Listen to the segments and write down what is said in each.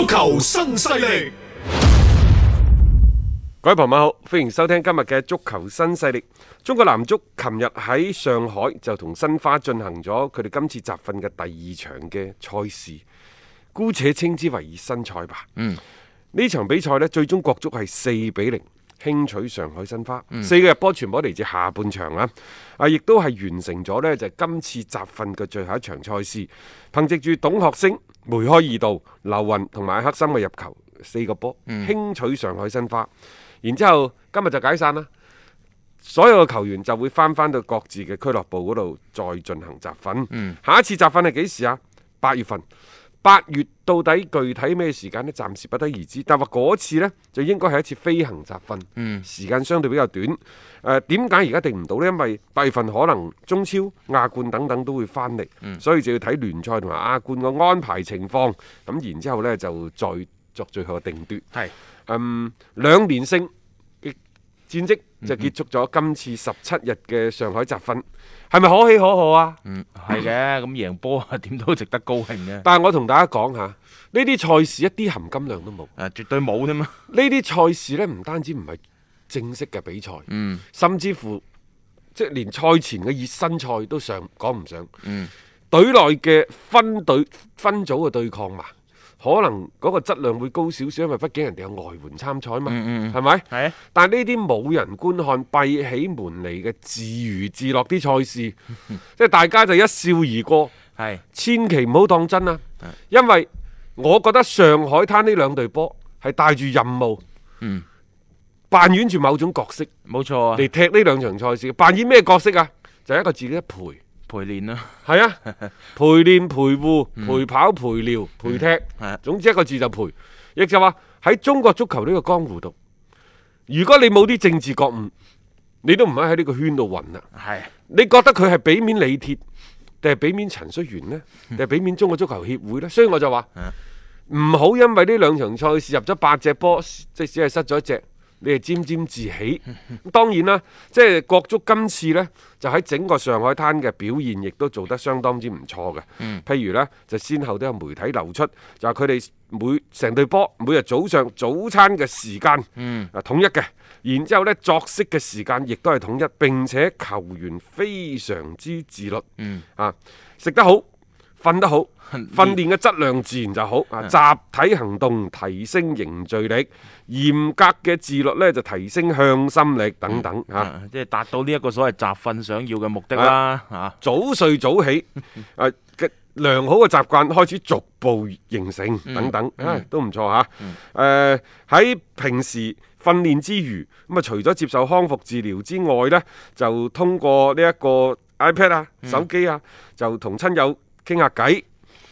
足球新勢力，各位朋友好，歡迎收聽今日嘅足球新勢力。中國男足琴日喺上海就同申花進行咗佢哋今次集訓嘅第二場嘅賽事，姑且稱之為熱身賽吧。嗯，呢場比賽咧最終國足係四比零輕取上海申花，四個入波全部嚟自下半場啊！啊，亦都係完成咗呢就係今次集訓嘅最後一場賽事，憑借住董學升。梅開二度，劉雲同埋艾克森嘅入球，四個波輕取上海申花，嗯、然之後今日就解散啦。所有嘅球員就會翻翻到各自嘅俱樂部嗰度再進行集訓。嗯、下一次集訓係幾時啊？八月份。八月到底具體咩時間呢？暫時不得而知。但話嗰次呢，就應該係一次飛行集訓，時間相對比較短。誒、呃，點解而家定唔到呢？因為八月份可能中超、亞冠等等都會翻嚟，嗯、所以就要睇聯賽同埋亞冠個安排情況。咁然之後呢就再作最後定奪。係是，嗯，兩年性。戰績就結束咗今次十七日嘅上海集訓，係咪、嗯、哼可喜可賀啊？嗯，係嘅，咁贏波啊，點都值得高興嘅。但係我同大家講下，呢啲賽事一啲含金量都冇，誒、啊，絕對冇啫嘛！呢啲賽事咧，唔單止唔係正式嘅比賽，嗯，甚至乎即係連賽前嘅熱身賽都上講唔上，嗯，隊內嘅分隊分組嘅對抗嘛。可能嗰個質量會高少少，因為畢竟人哋有外援參賽嘛，係咪、嗯嗯？係、啊。但係呢啲冇人觀看、閉起門嚟嘅自娛自樂啲賽事， 即係大家就一笑而過，係是千祈唔好當真啊！是因為我覺得上海灘呢兩隊波係帶住任務，嗯，扮演住某種角色，冇錯、啊，你踢呢兩場賽事，扮演咩角色啊？就係、一個自己一賠。陪練啦，係啊，陪練陪護陪跑陪聊陪踢，嗯、總之一個字就陪。亦就話喺中國足球呢個江湖度，如果你冇啲政治覺悟，你都唔可喺呢個圈度混啊。係、嗯，你覺得佢係俾面李鐵，定係俾面陳戌源呢？定係俾面中國足球協會呢？所以我就話，唔、嗯、好因為呢兩場賽事入咗八隻波，即使只係失咗一隻。你係沾沾自喜，當然啦，即係國足今次呢，就喺整個上海灘嘅表現，亦都做得相當之唔錯嘅。嗯、譬如呢，就先後都有媒體流出，就係佢哋每成隊波，每日早上早餐嘅時間啊、嗯、統一嘅，然之後呢，作息嘅時間亦都係統一，並且球員非常之自律，嗯、啊食得好。瞓得好，訓練嘅質量自然就好啊！集體行動提升凝聚力，嚴格嘅自律咧就提升向心力等等啊！即係達到呢一個所謂集訓想要嘅目的啦啊！早睡早起，誒嘅良好嘅習慣開始逐步形成等等，都唔錯吓。誒喺平時訓練之餘，咁啊除咗接受康復治療之外呢，就通過呢一個 iPad 啊、手機啊，就同親友。傾下偈。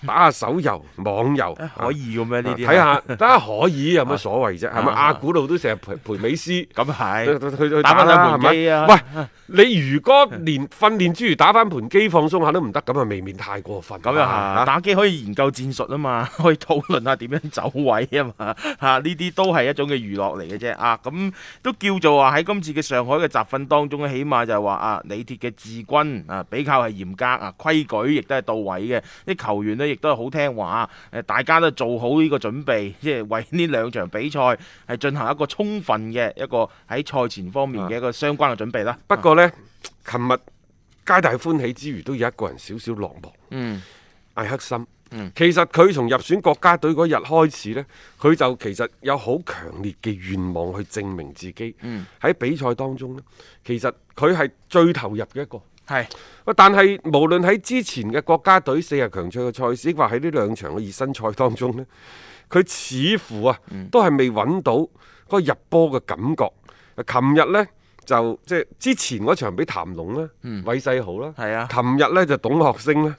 打下手遊、網遊可以咁咩？呢啲睇下得可以有乜所謂啫？係咪阿古路都成日陪美斯？咁係，打翻一盤機啊！喂，你如果連訓練之餘打翻盤機放鬆下都唔得，咁啊未免太過分。咁又係打機可以研究戰術啊嘛，可以討論下點樣走位啊嘛。嚇，呢啲都係一種嘅娛樂嚟嘅啫。啊，咁都叫做話喺今次嘅上海嘅集訓當中，起碼就係話啊李鐵嘅治軍啊比較係嚴格啊規矩亦都係到位嘅，啲球員咧都係好聽話，誒，大家都做好呢個準備，即係為呢兩場比賽係進行一個充分嘅一個喺賽前方面嘅一個相關嘅準備啦。啊啊、不過呢，琴日皆大歡喜之餘，都有一個人少少落寞。嗯，艾克森。嗯、其實佢從入選國家隊嗰日開始呢，佢就其實有好強烈嘅願望去證明自己。喺、嗯、比賽當中呢，其實佢係最投入嘅一個。係，是但係無論喺之前嘅國家隊四十強賽嘅賽事，亦或喺呢兩場嘅熱身賽當中呢，佢似乎啊，嗯、都係未揾到個入波嘅感覺。啊，琴日呢，就即係、就是、之前嗰場俾譚龍啦，韋世、嗯、豪啦，琴、啊、日呢，就董學升啦，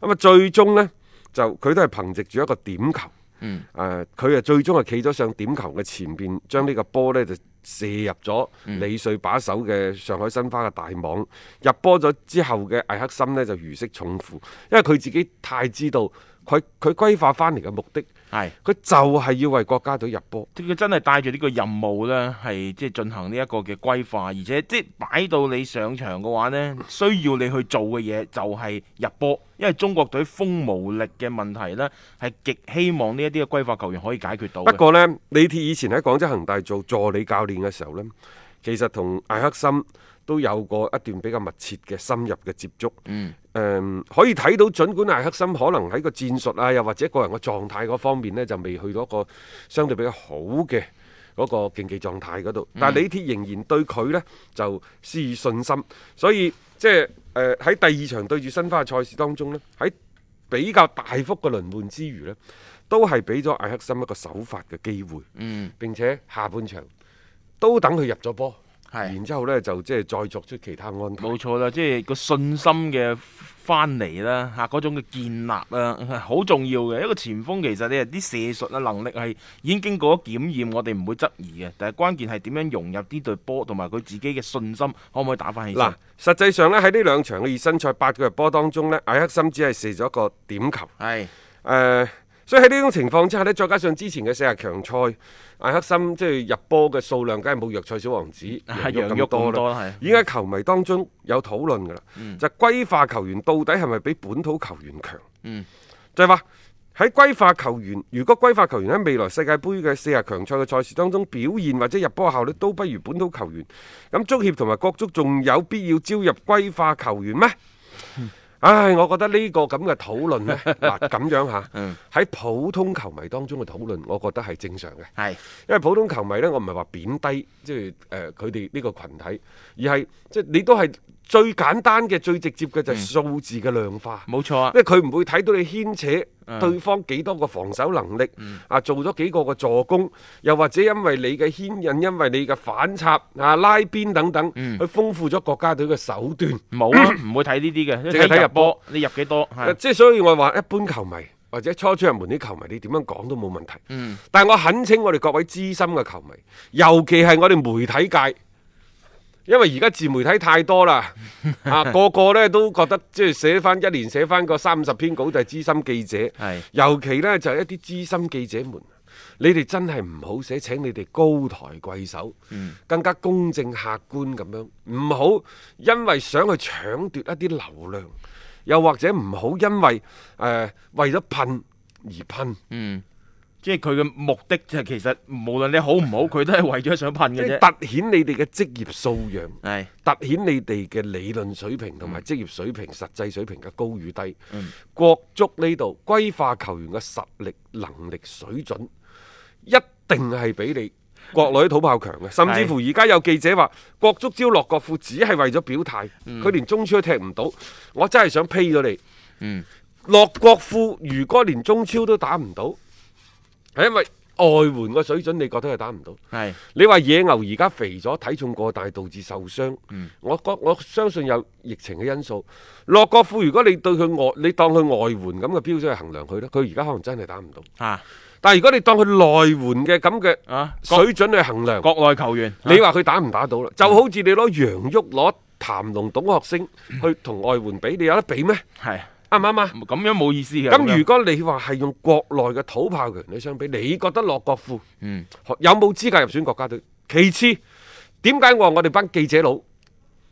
咁啊最終呢，就佢都係憑藉住一個點球，啊、嗯，佢啊、呃、最終啊企咗上點球嘅前邊，將呢個波呢。就。射入咗李帥把守嘅上海申花嘅大網，入波咗之後嘅艾克森咧就如釋重負，因為佢自己太知道佢佢歸化翻嚟嘅目的，係佢就係要為國家隊入波。佢真係帶住呢個任務咧，係即係進行呢一個嘅歸化，而且即係擺到你上場嘅話咧，需要你去做嘅嘢就係入波，因為中國隊鋒無力嘅問題咧係極希望呢一啲嘅歸化球員可以解決到。不過咧，李鐵以前喺廣州恒大做助理教練。嘅時候呢，其實同艾克森都有過一段比較密切嘅深入嘅接觸。嗯、呃，誒可以睇到，儘管艾克森可能喺個戰術啊，又或者個人嘅狀態嗰方面呢，就未去到一個相對比較好嘅嗰個競技狀態嗰度。但係李鐵仍然對佢呢，就施以信心，所以即係誒喺第二場對住申花嘅賽事當中呢，喺比較大幅嘅輪換之餘呢，都係俾咗艾克森一個首發嘅機會。嗯，並且下半場。都等佢入咗波，係是，然之後咧就即係再作出其他安排。冇錯啦，即係個信心嘅翻嚟啦，吓嗰種嘅建立啊，好重要嘅。一個前鋒其實你啲射術啊，能力係已經經過咗檢驗，我哋唔會質疑嘅。但係關鍵係點樣融入呢隊波，同埋佢自己嘅信心可唔可以打翻起？嗱，實際上呢，喺呢兩場嘅熱身賽八個入波當中呢，艾克森只係射咗個點球。係是，誒、呃，所以喺呢種情況之下呢，再加上之前嘅四十，四十強賽。艾克森即係入波嘅數量，梗係冇弱菜小王子咁多啦。而家球迷當中有討論噶啦，嗯、就歸化球員到底係咪比本土球員強？嗯、就係話喺歸化球員，如果歸化球員喺未來世界杯嘅四十強賽嘅賽事當中表現或者入波效率都不如本土球員，咁足協同埋國足仲有必要招入歸化球員咩？唉，我覺得呢個咁嘅討論呢，嗱， 咁樣吓，喺普通球迷當中嘅討論，我覺得係正常嘅。係，因為普通球迷呢，我唔係話貶低，即係誒佢哋呢個群體，而係即係你都係。最簡單嘅、最直接嘅就係數字嘅量化，冇、嗯、錯、啊，因為佢唔會睇到你牽扯對方幾多個防守能力，嗯、啊，做咗幾個嘅助攻，又或者因為你嘅牽引，因為你嘅反插啊、拉邊等等，去、嗯、豐富咗國家隊嘅手段，冇、嗯、啊，唔、嗯、會睇呢啲嘅，淨係睇入波，入你入幾多，即係所以我話一般球迷或者初出入門啲球迷，你點樣講都冇問題，嗯、但係我懇請我哋各位資深嘅球迷，尤其係我哋媒體界。因為而家自媒體太多啦， 啊個個咧都覺得即係寫翻一年寫翻個三十篇稿就係資深記者，的尤其呢，就係、一啲資深記者們，你哋真係唔好寫，請你哋高抬貴手，嗯、更加公正客觀咁樣，唔好因為想去搶奪一啲流量，又或者唔好因為誒、呃、為咗噴而噴，嗯。即係佢嘅目的，就其實無論你好唔好，佢都係為咗想噴嘅啫。即係凸顯你哋嘅職業素養，係是凸顯你哋嘅理論水平同埋職業水平、嗯、實際水平嘅高與低。嗯、國足呢度歸化球員嘅實力、能力水準，一定係比你國內土炮強嘅。是甚至乎而家有記者話，國足招洛國富只係為咗表態，佢、嗯、連中超都踢唔到，我真係想批咗你。嗯，洛國富如果連中超都打唔到。係因為外援個水準，你覺得佢打唔到？係是你話野牛而家肥咗，體重過大導致受傷。嗯、我覺我相信有疫情嘅因素。洛國富，如果你對佢外，你當佢外援咁嘅標準去衡量佢咧，佢而家可能真係打唔到。吓、啊，但係如果你當佢內援嘅咁嘅啊水準去衡量，啊、國內球員，啊、你話佢打唔打到咧？嗯、就好似你攞楊旭、攞譚龍、董學升去同外援比，嗯、你有得比咩？係。啱唔啱啊？咁樣冇意思嘅。咁如果你話係用國內嘅土炮同你相比，你覺得洛國富，嗯，有冇資格入選國家隊？嗯、其次，點解我話我哋班記者佬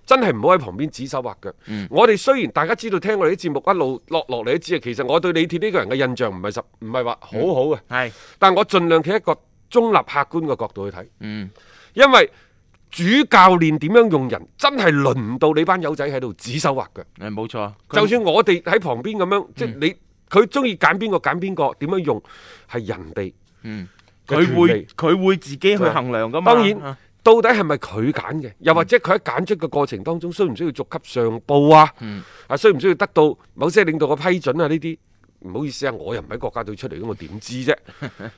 真係唔好喺旁邊指手畫腳？嗯、我哋雖然大家知道聽我哋啲節目一路落落嚟都知啊，其實我對李鐵呢個人嘅印象唔係十唔係話好好嘅，係、嗯，但我盡量企一個中立客觀嘅角度去睇，嗯，因為。主教練點樣用人，真係輪唔到你班友仔喺度指手畫腳，冇錯，就算我哋喺旁邊咁樣，嗯、即係你佢中意揀邊個揀邊個，點樣用係人哋。嗯，佢會佢會自己去衡量噶嘛？當然，啊、到底係咪佢揀嘅？又或者佢喺揀出嘅過程當中，嗯、需唔需要逐級上報啊？啊，需唔需要得到某些領導嘅批准啊？呢啲唔好意思啊，我又唔喺國家隊出嚟，咁我點知啫？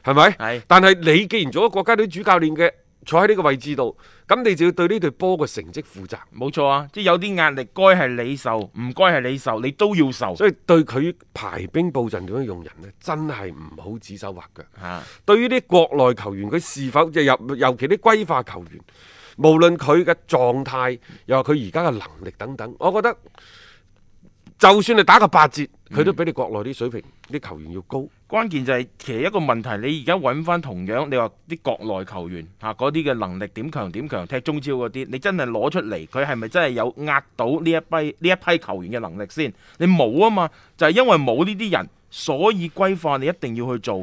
係咪？係。但係你既然做咗國家隊主教練嘅，坐喺呢個位置度，咁你就要對呢隊波嘅成績負責，冇錯啊！即係有啲壓力，該係你受，唔該係你受，你都要受。所以對佢排兵布陣點樣用人呢，真係唔好指手畫腳。啊、對於啲國內球員，佢是否就入，尤其啲歸化球員，無論佢嘅狀態，又話佢而家嘅能力等等，我覺得就算你打個八折，佢都比你國內啲水平啲球員要高。嗯關鍵就係、是、其實一個問題，你而家揾翻同樣，你話啲國內球員嚇嗰啲嘅能力點強點強，踢中超嗰啲，你真係攞出嚟，佢係咪真係有壓到呢一批呢一批球員嘅能力先？你冇啊嘛，就係、是、因為冇呢啲人，所以歸化你一定要去做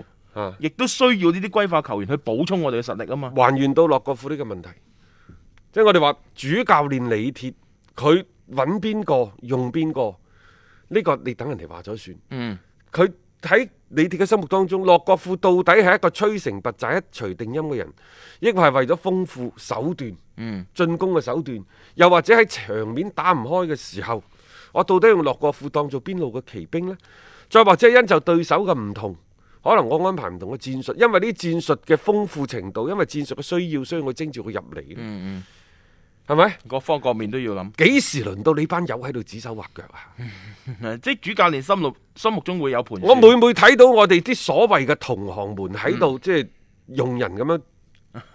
亦、啊、都需要呢啲歸化球員去補充我哋嘅實力啊嘛。還原到洛國富呢個問題，即、就、係、是、我哋話主教練李鐵佢揾邊個用邊個呢個，你等人哋話咗算。嗯，佢喺。你哋嘅心目當中，洛國富到底係一個摧城拔寨一錘定音嘅人，亦係為咗豐富手段，嗯，進攻嘅手段，又或者喺場面打唔開嘅時候，我到底用洛國富當做邊路嘅騎兵呢？再或者因就對手嘅唔同，可能我安排唔同嘅戰術，因為呢戰術嘅豐富程度，因為戰術嘅需要，所以我徵召佢入嚟。嗯嗯。 係咪各方各面都要諗？幾時輪到你班友喺度指手畫腳啊？ 即係主教練心目、心目中會有盤算。我每每睇到我哋啲所謂嘅同行們喺度，嗯、即係用人咁樣。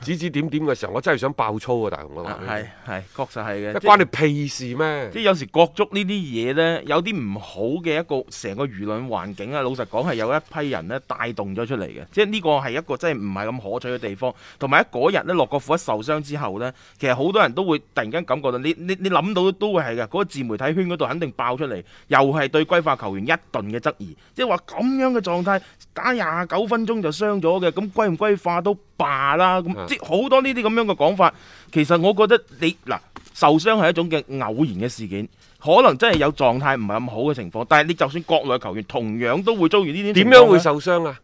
指指點點嘅時候，我真係想爆粗啊！大雄，我話係係確實係嘅，即係關你屁事咩？即有時國足呢啲嘢呢，有啲唔好嘅一個成個輿論環境啊。老實講係有一批人呢帶動咗出嚟嘅，即呢個係一個真係唔係咁可取嘅地方。同埋喺嗰日呢洛國富一受傷之後呢，其實好多人都會突然間感覺到你你你諗到都會係嘅嗰個自媒體圈嗰度肯定爆出嚟，又係對歸化球員一頓嘅質疑，即話咁樣嘅狀態打廿九分鐘就傷咗嘅，咁歸唔歸化都。罷啦，咁即係好多呢啲咁樣嘅講法。其實我覺得你嗱受傷係一種嘅偶然嘅事件，可能真係有狀態唔係咁好嘅情況。但係你就算國內球員同樣都會遭遇呢啲，點樣會受傷啊？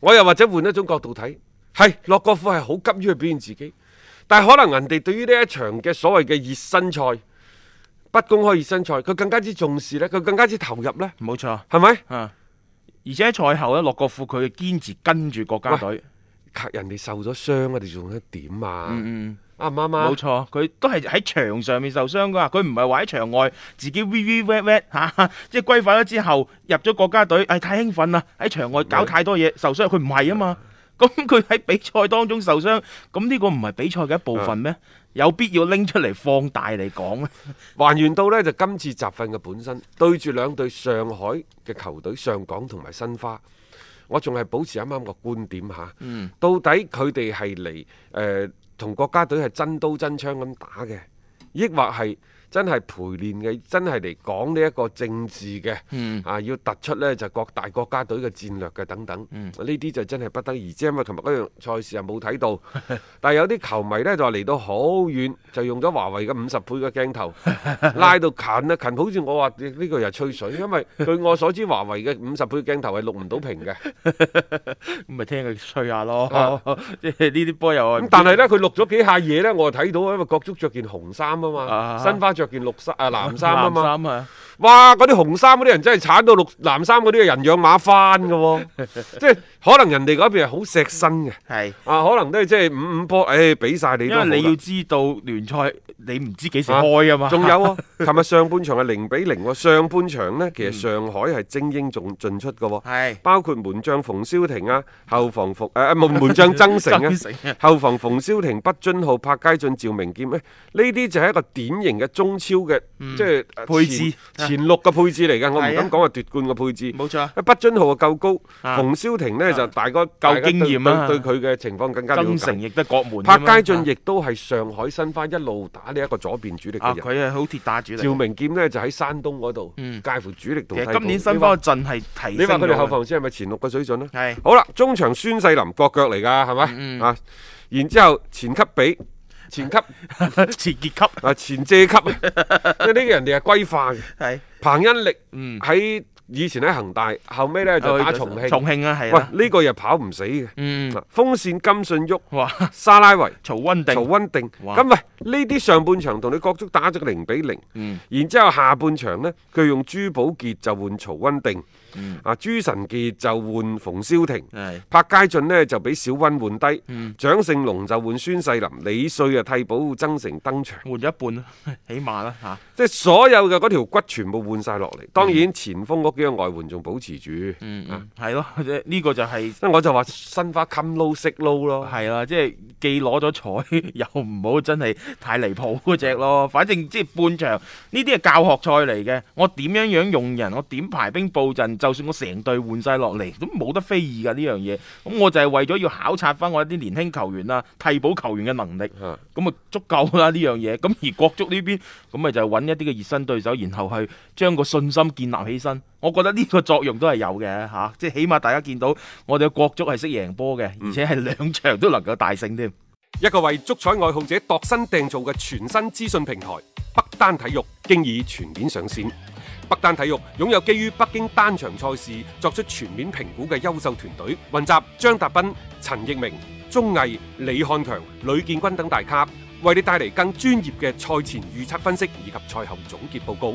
我又或者換一種角度睇，係洛國富係好急於去表現自己，但係可能人哋對於呢一場嘅所謂嘅熱身賽、不公開熱身賽，佢更加之重視呢，佢更加之投入呢。冇錯，係咪啊？而且賽後呢，洛國富佢堅持跟住國家隊。吓人哋受咗傷了，我哋仲點啊？嗯嗯合合、啊，阿媽媽冇錯，佢都係喺場上面受傷㗎，佢唔係話喺場外自己 v v w e 即係歸化咗之後入咗國家隊，唉、哎，太興奮啦！喺場外搞太多嘢、嗯嗯、受傷，佢唔係啊嘛。咁佢喺比賽當中受傷，咁呢個唔係比賽嘅一部分咩？嗯、有必要拎出嚟放大嚟講咧？還原到呢，就今次集訓嘅本身，對住兩隊上海嘅球隊上港同埋申花。我仲係保持啱啱個觀點嚇，到底佢哋係嚟誒同國家隊係真刀真槍咁打嘅，抑或係？真係陪練嘅，真係嚟講呢一個政治嘅，mm. 啊要突出呢就是、各大國家隊嘅戰略嘅等等，呢啲、mm. 就真係不得而知，因為琴日嗰樣賽事又冇睇到。但係有啲球迷呢就話嚟到好遠，就用咗華為嘅五十倍嘅鏡頭拉到近啦，近好似我話呢個又吹水，因為據我所知華為嘅五十倍鏡頭係錄唔到屏嘅，咪 聽佢吹下咯。即係呢啲波友咁、嗯、但係呢，佢錄咗幾下嘢呢，我睇到因為國足着件紅衫啊嘛，新花。 着件綠衫啊藍衫啊嘛，哇！嗰啲紅衫嗰啲人真係慘到綠藍衫嗰啲人仰馬翻嘅喎，即係可能人哋嗰邊好錫身嘅，係啊，可能都係即係五五波，誒，俾曬你，因為你要知道聯賽你唔知幾時開啊嘛，仲有啊，琴日上半場係零比零喎，上半場咧其實上海係精英盡出嘅喎，係包括門將馮瀟霆啊，後防馮誒門門將曾誠啊，後防馮瀟霆、畢津浩、柏佳俊、趙明劍咧，呢啲就係一個典型嘅中。中超嘅即係配置前六個配置嚟嘅，我唔敢講話奪冠嘅配置。冇錯，阿畢津浩啊，夠高，馮瀟霆呢就大概夠經驗啦，對佢嘅情況更加了解。金城亦得國門，柏佳俊亦都係上海申花一路打呢一個左邊主力嘅人。佢係好鐵打主力。趙明劍呢就喺山東嗰度，介乎主力同。其實今年申花陣係提升咗。你話佢哋後防線係咪前六嘅水準呢？係。好啦，中場孫世林國腳嚟噶，係咪啊？然之後前級比。前級前結級啊前借級，呢啲人哋係歸化嘅。彭欣力喺以前喺恒大，後尾呢就打重慶。重慶啊，係喂，呢個又跑唔死嘅。嗯，風扇金信旭、沙拉維、曹温定、曹温定。咁喂，呢啲上半場同你國足打咗個零比零。然之後下半場呢，佢用朱寶傑就換曹温定。啊！朱晨杰就換馮瀟霆，柏、嗯、佳俊呢就俾小溫換低，蔣、嗯、勝龍就換孫世林，李帥啊替補曾誠登場，換一半啦，起碼啦吓，啊、即係所有嘅嗰條骨全部換晒落嚟。當然前鋒嗰幾個外援仲保持住，係咯、嗯，呢、嗯啊這個就係、是，我就話申花襟撈識撈咯，係啦，即係。既攞咗彩，又唔好真係太離譜嗰隻咯。反正即係半場呢啲係教學賽嚟嘅。我點樣樣用人，我點排兵布陣，就算我成隊換晒落嚟，都冇得非議㗎呢樣嘢。咁我就係為咗要考察翻我一啲年輕球員啦、替補球員嘅能力，咁啊足夠啦呢樣嘢。咁而國足呢邊，咁咪就揾一啲嘅熱身對手，然後去將個信心建立起身。我覺得呢個作用都係有嘅吓，即係起碼大家見到我哋嘅國足係識贏波嘅，而且係兩場都能夠大勝添。嗯，一個為足彩愛好者度身訂造嘅全新資訊平台北單體育，經已全面上線。北單體育擁有基於北京單場賽事作出全面評估嘅優秀團隊，雲集張達斌、陳奕明、鍾毅、李漢強、呂建軍等大咖，為你帶嚟更專業嘅賽前預測分析以及賽後總結報告。